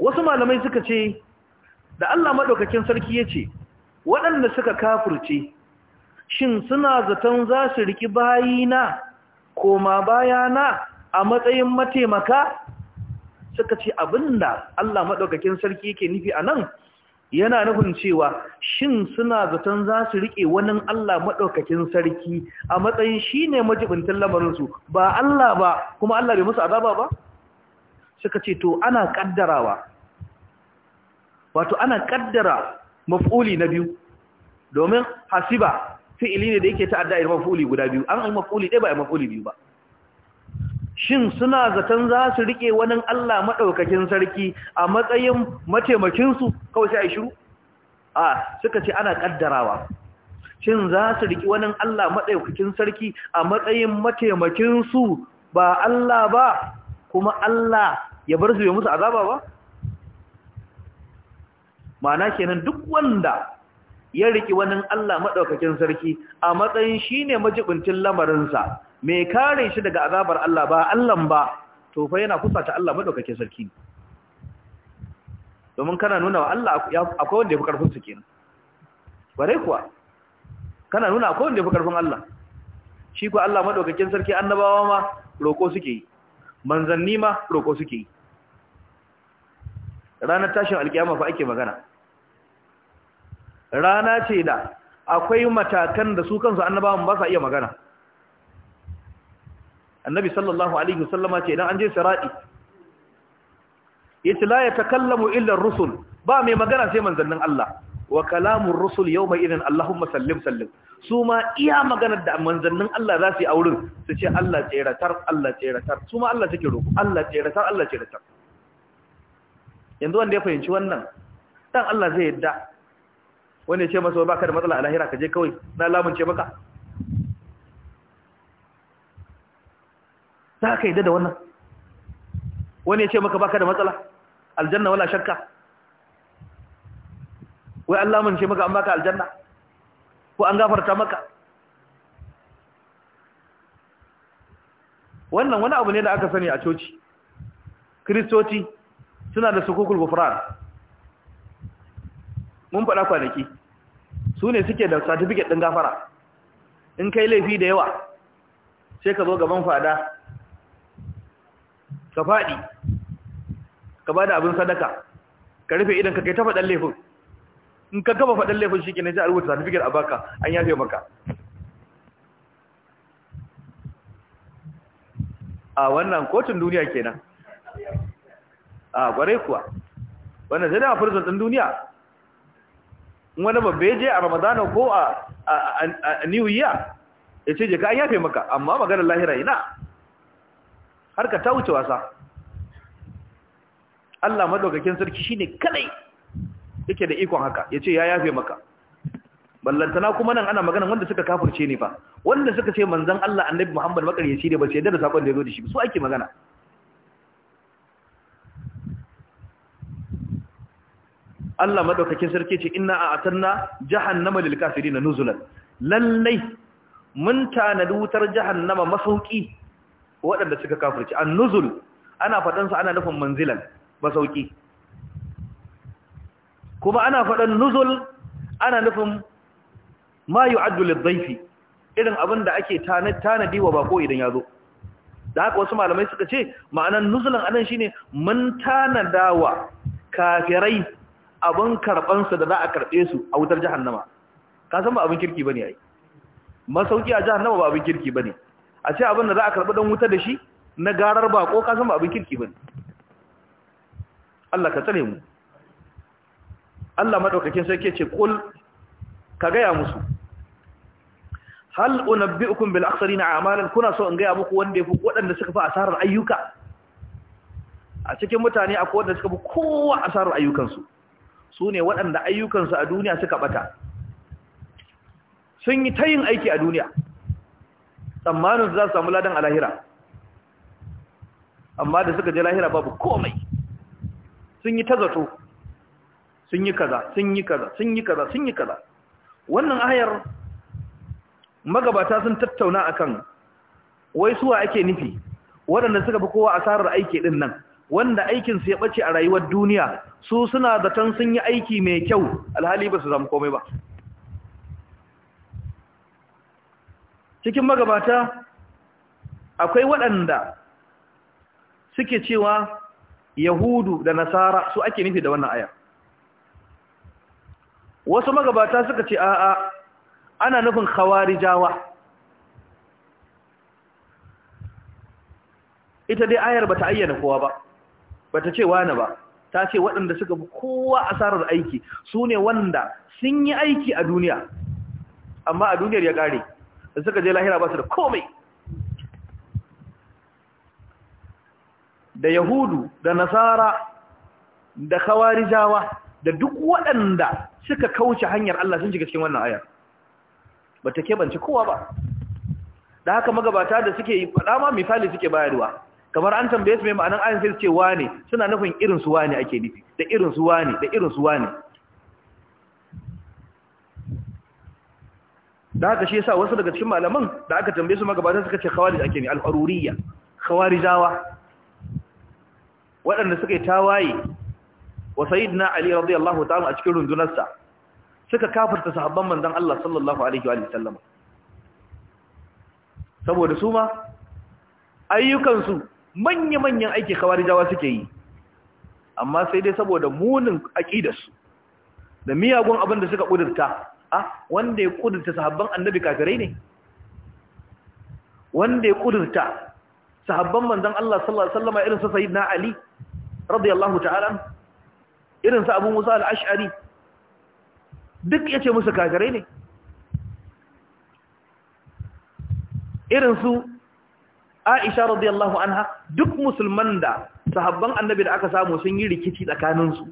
wasu malamai suka ce da Allah maɗaukakin sarki ya ce waɗanda suka kafurce shin suna zaton za su riki bayina koma bayana a matsayin mataimaka suka ce abinda Allah maɗaukakin sarki yake nufi a nan yana nufin cewa shin suna zaton za su riƙe wani Allah maɗaukakin sarki a matsayin shi ne majibintin lamarinsu ba Allah ba kuma Allah bai musu azaba ba? suka ce to ana ƙaddarawa wato ana ƙaddara maf'uli na biyu domin hasiba fi'ili ne da yake ta'adda yi maf'uli guda biyu an yi maf'uli ɗaya ba a maf'uli biyu ba shin suna zaton za su rike wani Allah maɗaukakin sarki a matsayin mataimakinsu kawai sai a shiru a suka ce ana ƙaddarawa shin za su rike wani Allah maɗaukakin sarki a matsayin mataimakinsu ba Allah ba kuma Allah ya bar su yi musu azaba ba mana kenan duk wanda ya riki wani Allah maɗaukakin sarki a matsayin shi ne majibincin lamarinsa mai kare shi daga azabar Allah ba Allah ba to fa yana kusa ta Allah madaukake sarki domin kana nuna wa Allah akwai wanda ya fi karfin su kenan bare kuwa kana nuna akwai wanda ya fi karfin Allah shi ko Allah madaukakin sarki annabawa ma roko suke yi manzanni ma roko suke yi ranar tashin alkiyama fa ake magana rana ce da akwai matakan da su kansu annabawan ba sa iya magana annabi sallallahu alaihi wasallama ce idan an je sirati yace la yatakallamu illa ar-rusul ba mai magana sai manzannin Allah wa kalamur rusul yawma idan Allahumma sallim sallim su ma iya maganar da manzannin Allah za su yi aurin su ce Allah tseratar Allah tseratar su ma Allah take roƙo Allah tseratar Allah tseratar yanzu wanda ya fahimci wannan dan Allah zai yadda wanda ya ce masa baka da matsala a lahira ka je kawai na lamunce maka za ka yadda da wannan wani ya ce maka baka da matsala aljanna wala shakka wai Allah mun ce maka an baka aljanna ko an gafarta maka wannan wani abu ne da aka sani a coci kristoci suna da sukukul gufran mun faɗa kwanaki su ne suke da certificate ɗin gafara in kai laifi da yawa sai ka zo gaban fada ka faɗi ka ba da abin sadaka ka rufe idan ka kai ta faɗan laifin in ka gaba faɗan laifin shi kenan sai a rubuta certificate a baka an yafe maka a wannan kotun duniya kenan a kwarai kuwa wannan zai da furzun ɗin duniya wani babbe je a ramadana ko a new year ya ce je ka an yafe maka amma maganar lahira ina Har ka ta wuce wasa Allah madaukakin sarki shine kalai yake da ikon haka yace ya yafe maka ballantana kuma nan ana magana wanda suka kafirce ne fa wanda suka ce manzon Allah annabi Muhammad makaryaci ne ba sai da sakon da yazo da shi su ake magana Allah madaukakin sarki ce inna a'atanna jahannama lil kafirin nuzulan lallai mun tanadi wutar jahannama masauki waɗanda suka kafirci an-nuzul ana faɗansa ana nufin manzilan masauki kuma ana faɗan nuzul ana nufin ma yi lidh-dhayfi irin abin da ake tanadi wa bako idan ya zo da haka wasu malamai suka ce ma'anan nuzulan anan shi ne mun tanada wa kafirai abin karbansu da za a karbe su a wutar jahannama ka san ba abin kirki ba ya ai masauki a jahannama ba abin kirki ba ne. a ce abin da za a karɓi ɗan wuta da shi na garar ba ko kasan ba abin kirki ba Allah ka tsare mu Allah maɗaukakin sarki ce kul ka gaya musu hal ukun bil aksarina a'malan kuna so in gaya muku wanda fi waɗanda suka fi asarar ayyuka a cikin mutane akwai waɗanda suka fi kowa asarar ayyukansu su ne waɗanda ayyukansu a duniya suka ɓata sun yi tayin aiki a duniya tsammanin za su samu ladan a lahira amma da suka je lahira babu komai sun yi tazato sun yi kaza sun yi kaza sun yi kaza sun yi kaza wannan ayar magabata sun tattauna akan wai suwa ake nufi waɗanda suka fi kowa asarar aiki ɗin nan wanda aikinsu ya ɓace a rayuwar duniya su suna zaton sun yi aiki mai kyau alhali ba su zama komai ba cikin magabata akwai waɗanda suke cewa yahudu da nasara su ake nufi da wannan aya wasu magabata suka ce a'a ana nufin jawa. ita dai ayar bata ayyana kowa ba bata ce wani ba ta ce waɗanda suka fi kowa asarar aiki su ne wanda sun yi aiki a duniya amma a duniyar ya ƙare da suka je lahira ba su da komai da yahudu da nasara da kawarijawa da duk waɗanda suka kauce hanyar Allah sun shiga cikin wannan ayar ba ta keɓance kowa ba da haka magabata da suke yi faɗa ma misali suke bayarwa kamar an tambaye su mai ma'anar ayin sai ce wane suna nufin irin su wane ake nufi da irin wane da irin wane da haka shi yasa wasu daga cikin malaman da aka tambaye su magabata suka ce khawarij ake ne al-haruriyya khawarijawa waɗanda suka yi tawaye wa sayyidina ali radiyallahu ta'ala a cikin rundunarsa suka kafirta sahabban manzon Allah sallallahu alaihi wa sallama saboda su ma ayyukansu manya-manyan aiki khawarijawa suke yi amma sai dai saboda munin aqidarsu da miyagun abin da suka kudurta a ah, wanda ya kudurta sahabban annabi kafirai ne wanda ya kudurta sahabban manzon Allah sallallahu alaihi wasallam irin su sayyidina Ali radiyallahu ta'ala irin su Abu Musa al-Ash'ari duk yace musu kafirai ne irin su Aisha radiyallahu anha duk musulman da sahabban annabi da aka samu sun yi rikici tsakaninsu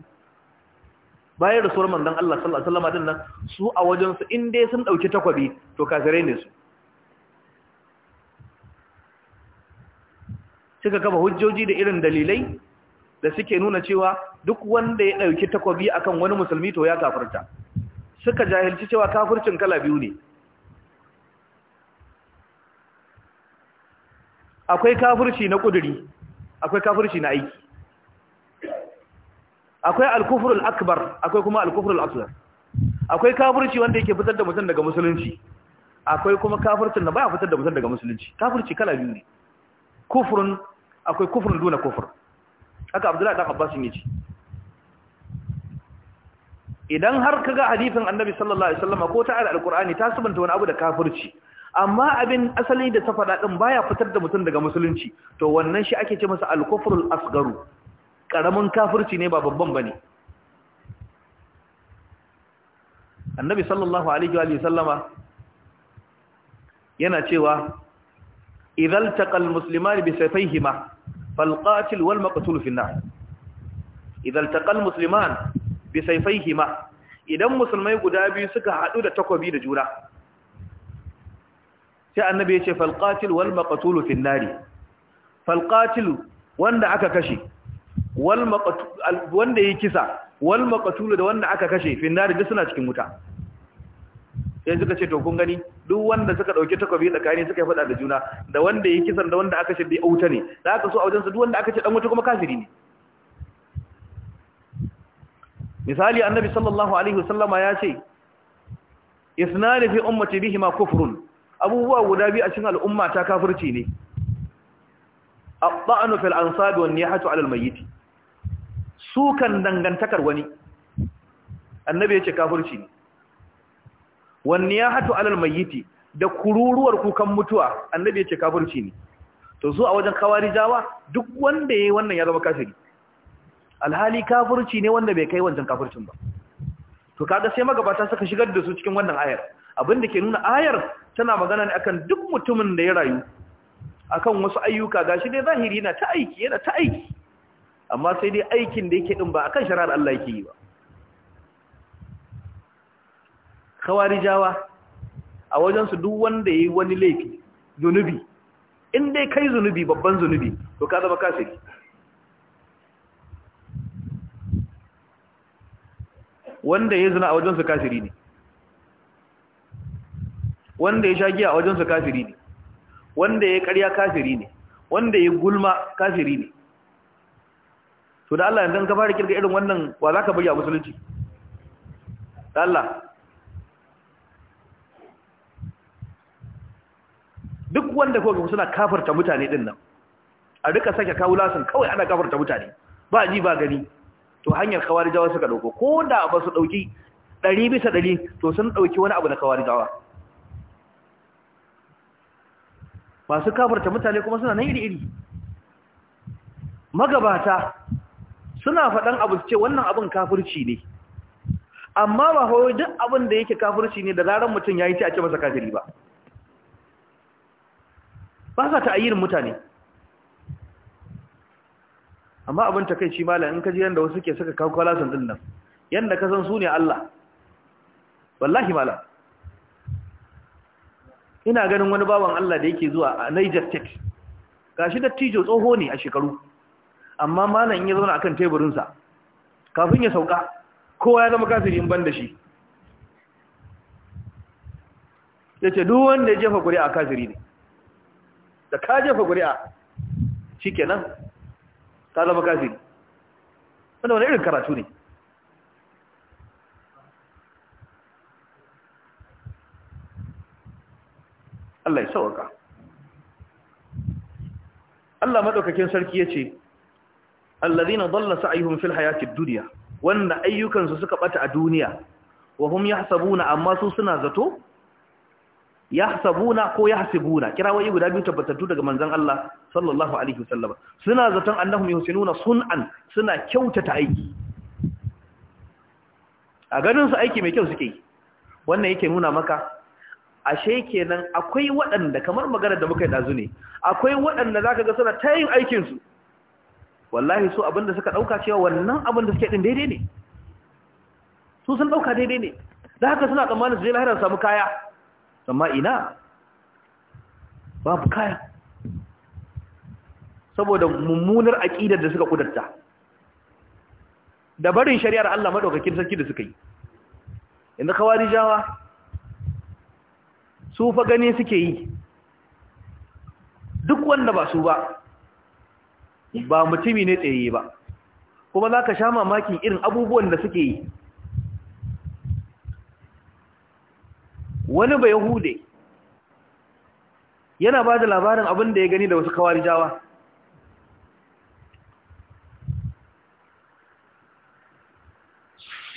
bayan rasuwar mandan Allah sallallahu alaihi wasallam nan su a wajen su in dai sun dauki takwabi to kafirai ne su suka kafa hujjoji da irin dalilai da suke nuna cewa duk wanda ya dauki takwabi akan wani musulmi to ya kafirta suka jahilci cewa kafircin kala biyu ne akwai kafirci na kuduri akwai kafirci na aiki akwai alkufrul akbar akwai kuma alkufrul asghar akwai kafirci wanda yake fitar da mutum daga musulunci akwai kuma kafircin da baya fitar da mutum daga musulunci kafirci kala biyu ne kufrun akwai kufrun duna kufr haka abdullahi dan abbas yace idan har kaga hadisin annabi sallallahu alaihi wasallam ko ta alqur'ani ta subanta wani abu da kafirci amma abin asali da ta faɗa din baya fitar da mutum daga musulunci to wannan shi ake ce masa alkufrul asgaru ƙaramin kafirci ne ba babban ba ne annabi sallallahu alaihi wa sallama yana cewa idan taqal muslimani bi sayfayhima fal qatil wal maqtul fi an-nar idan taqal musliman bi sayfayhima idan musulmai guda biyu suka hadu da takobi da juna sai annabi ya ce fal qatil wal maqtul fi an-nar fal qatil wanda aka kashe wanda ya kisa wal maqtul da wanda aka kashe finnari duk suna cikin wuta sai suka ce to kun gani duk wanda suka dauki takobi tsakani suka yi fada da juna da wanda ya kisan da wanda aka kashe da auta ne da aka so a wajen su duk wanda aka ce dan wuta kuma kafiri ne misali annabi sallallahu alaihi wasallama ya ce isnani fi ummati bihima kufrun abubuwa guda biyu a cikin al'umma ta kafirci ne at-ta'nu fil ansab wan nihatu alal al-mayyit sukan dangantakar wani annabi ya ce kafirci ne wanni ya hatu alal mayiti da kururuwar kukan mutuwa annabi ya ce kafirci ne to zuwa a wajen kawarijawa duk wanda yayi wannan ya zama kafiri alhali kafirci ne wanda bai kai wancan kafircin ba to kaga sai magabata suka shigar da su cikin wannan ayar abin da ke nuna ayar tana magana ne akan duk mutumin da ya rayu akan wasu ayyuka gashi dai zahiri yana ta aiki yana ta aiki amma sai dai aikin da yake din ba akan shari'ar Allah yake yi ba khawarijawa a wajen su duk wanda yayi wani laifi zunubi in dai kai zunubi babban zunubi to ka zama kafiri wanda ya zina a wajen su kafiri ne wanda ya shagiya a wajen su kafiri ne wanda ya karya kafiri ne wanda ya gulma kafiri ne to da Allah yanzu ka fara kirga irin wannan wa zaka bari a musulunci da Allah duk wanda koga suna kafarta mutane din nan a rika sake kawo lasin kawai ana kafarta mutane ba ji ba gani to hanyar kawarijawa suka dauko ko da ba su dauki ɗari bisa ɗari to sun ɗauki wani abu na kawarijawa masu kafarta mutane kuma suna nan iri-iri magabata suna faɗan abu ce wannan abin kafirci ne amma ba hau duk abin da yake kafirci ne da zarar mutum ya yi ce a ce masa kafiri ba ba sa ayyirin mutane amma abin ta kai shi mala in ka ji yadda wasu ke saka kakwala sun din nan yadda ka san su ne Allah wallahi mala ina ganin wani bawan Allah da yake zuwa a Niger State gashi dattijo tsoho ne a shekaru amma malam in ya zauna akan teburinsa kafin ya sauka kowa ya zama kafiri in ban da shi ya ce duk wanda ya jefa ƙuri'a kafiri ne da ka jefa ƙuri'a shikenan ka zama kafiri wanda wani irin karatu ne Allah ya sauka Allah maɗaukakin sarki ya ce allazina dalla sa'yuhum fil hayatid dunya wanda ayyukansu suka bata a duniya wa hum yahsabuna amma su suna zato yahsabuna ko yahsibuna kirawoyi guda biyu tabbatattu daga manzon Allah sallallahu alaihi wasallam suna zaton annahum yuhsinuna sun'an suna kyautata aiki a ganin su aiki mai kyau suke yi wannan yake nuna maka ashe kenan akwai waɗanda kamar magana da muka yi dazu ne akwai waɗanda zaka ga suna tayin aikin su wallahi su abinda suka dauka cewa wannan abinda suke din daidai ne su sun dauka daidai ne da haka suna tsammanin su je lahira samu kaya amma ina babu kaya saboda mummunar aqidar da suka kudarta da barin shari'ar Allah madaukakin sarki da suka yi inda khawarijawa su fa gane suke yi duk wanda ba su ba ba mutumi ne tsaye ba kuma za ka sha mamakin irin abubuwan da suke yi wani bai hude yana ba da labarin abin da ya gani da wasu kawar jawa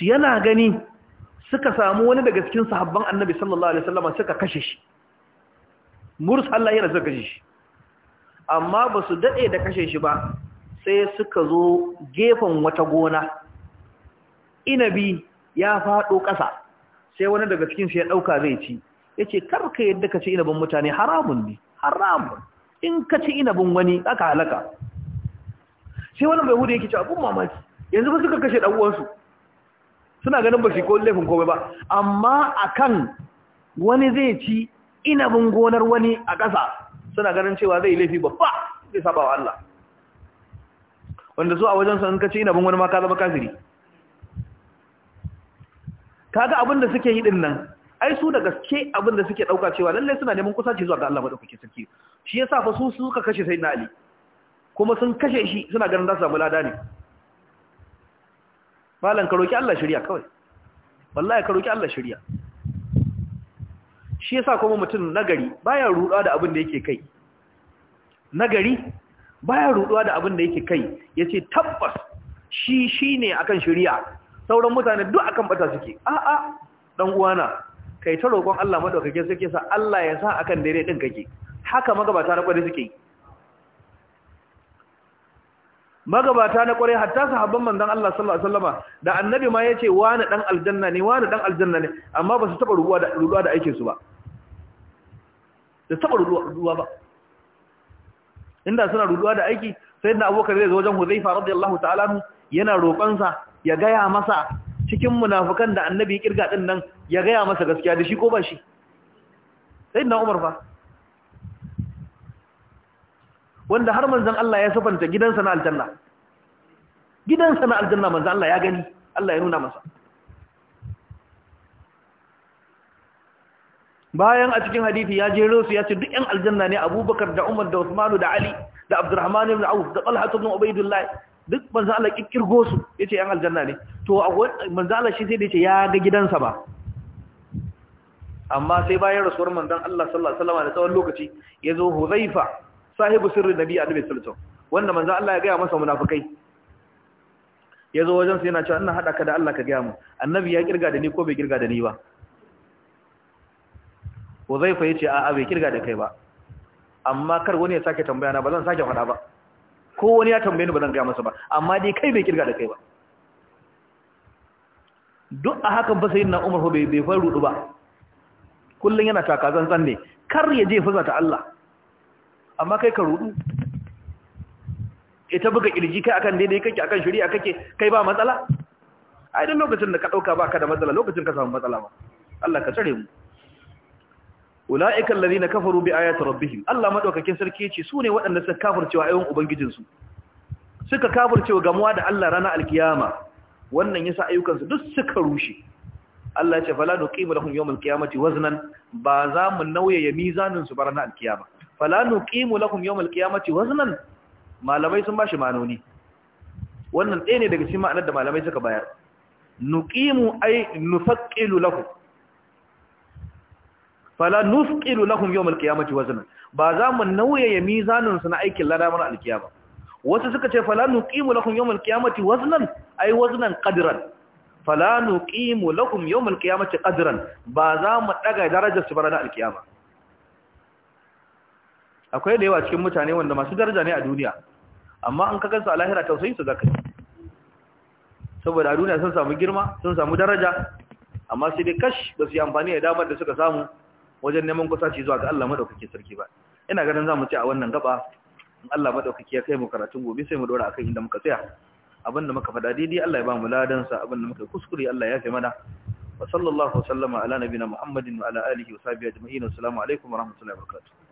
yana gani suka samu wani daga cikin sahabban annabi sallallahu alaihi wasallam suka kashe shi murus Allah yana suka kashe shi amma ba su daɗe da kashe shi ba sai suka zo gefen wata gona inabi ya faɗo ƙasa sai wani daga cikinsu ya ɗauka zai ci ya ce karka yadda ka ci inabin mutane haramun ne haramun in ka ci inabin wani aka halaka sai wani bai hudu yake ci abin mamaki yanzu ba suka kashe ɗan'uwansu suna ganin ba shi ko laifin komai ba amma akan wani zai ci inabin gonar wani a ƙasa suna ganin cewa zai laifi babba zai saba wa Allah wanda su a wajen ka ce ina bin wani ma ka zama kafiri kaga abin da suke yi dinnan nan ai su da gaske abin da suke dauka cewa lalle suna neman kusaci zuwa ga Allah madaukake sarki shi yasa fa su suka kashe sayyidina Ali kuma sun kashe shi suna ganin za su samu lada ne malan ka roki Allah shirya kawai wallahi ka roki Allah shirya shi yasa kuma mutum nagari baya ruɗuwa da abin da yake kai nagari baya ruɗuwa da abin da yake kai Ya ce tabbas shi shi shine akan shari'a sauran mutane duk akan bata suke a'a dan uwana kai ta roƙon Allah madaukake suke sa Allah ya sa akan daidai din kake haka magabata na kwari suke yi magabata na ƙwarai, hatta sahabban manzon Allah sallallahu alaihi wasallama da annabi ma yace wani dan aljanna ne wani dan aljanna ne amma ba su taba ruwa da ruwa da aikin su ba da taba ruwa ba inda suna ruwa da aiki sai da abokan zai zo wajen Huzaifa radiyallahu ta'ala yana roƙon sa ya gaya masa cikin munafukan da annabi kirga din nan ya gaya masa gaskiya da shi ko ba shi sai Umar fa wanda har manzan Allah ya sufanta gidansa na aljanna gidansa na aljanna manzan Allah ya gani Allah ya nuna masa bayan a cikin hadisi ya jero su ya ce duk 'yan aljanna ne abubakar da umar da usmanu da ali da abdurrahman ibn auf da talha ibn ubaydullah duk manzan Allah kikkirgo su yace 'yan aljanna ne to manzan Allah shi sai da ce ya ga gidansa ba amma sai bayan rasuwar manzan Allah sallallahu alaihi wasallam da tsawon lokaci yazo huzaifa sahibu sirrin nabi a nabi sulton wanda manzan Allah ya gaya masa munafukai. Ya wajen sa yana cewa ina hada ka da Allah ka gaya mu annabi ya kirga da ni ko bai kirga da ni ba fa yace a a bai kirga da kai ba amma kar wani ya sake tambaya na ba zan sake faɗa ba ko wani ya tambaye ni ba zan gaya masa ba amma dai kai bai kirga da kai ba duk a hakan ba sai na Umar bai bai faru ba kullun yana taka zan ne kar ya je fuzata Allah amma kai ka rudu ita buga kirji kai akan daidai kake akan shari'a kake kai ba matsala ai dan lokacin da ka dauka baka da matsala lokacin ka samu matsala ba Allah ka tsare mu ulaiikal ladina kafaru bi ayati rabbihim Allah madaukakin sarki yace su ne waɗanda suka kafircewa ayoyin su suka kafircewa gamuwa da Allah ranar alkiyama wannan yasa su duk suka rushe Allah ya ce fala nuqimu lahum yawmal qiyamati waznan ba za mu nauye ya mizanin su ba ranar alkiyama fala nuqimu lahum yawm alqiyamati wasnan, malamai sun ba shi manoni wannan ɗaya ne daga cikin ma'anar da malamai suka bayar nuqimu ay nufaqqilu lahum fala nufqilu lahum yawm alqiyamati waznan ba za mu nauyaye mizanin su na aikin ladamar alkiyama wasu suka ce fala nuqimu lahum yawm alqiyamati wasnan, ai wasnan qadran fala nuqimu lahum yawm alqiyamati qadran ba za mu ɗaga darajar su bara na alkiyama akwai da yawa cikin mutane wanda masu daraja ne a duniya amma an kaga su a lahira tausayi su zaka saboda a duniya sun samu girma sun samu daraja amma sai dai kash ba su yi amfani da damar da suka samu wajen neman kusaci zuwa ga Allah madaukake sarki ba ina ganin za mu ci a wannan gaba in Allah madaukake ya kai mu karatun gobe sai mu dora akan inda muka tsaya abin da muka faɗa daidai Allah ya ba mu ladan sa abin da muka kuskure Allah ya yafe mana wa sallallahu wa sallama ala nabina Muhammadin wa ala alihi wa sahbihi ajma'in assalamu alaikum wa rahmatullahi wa barakatuh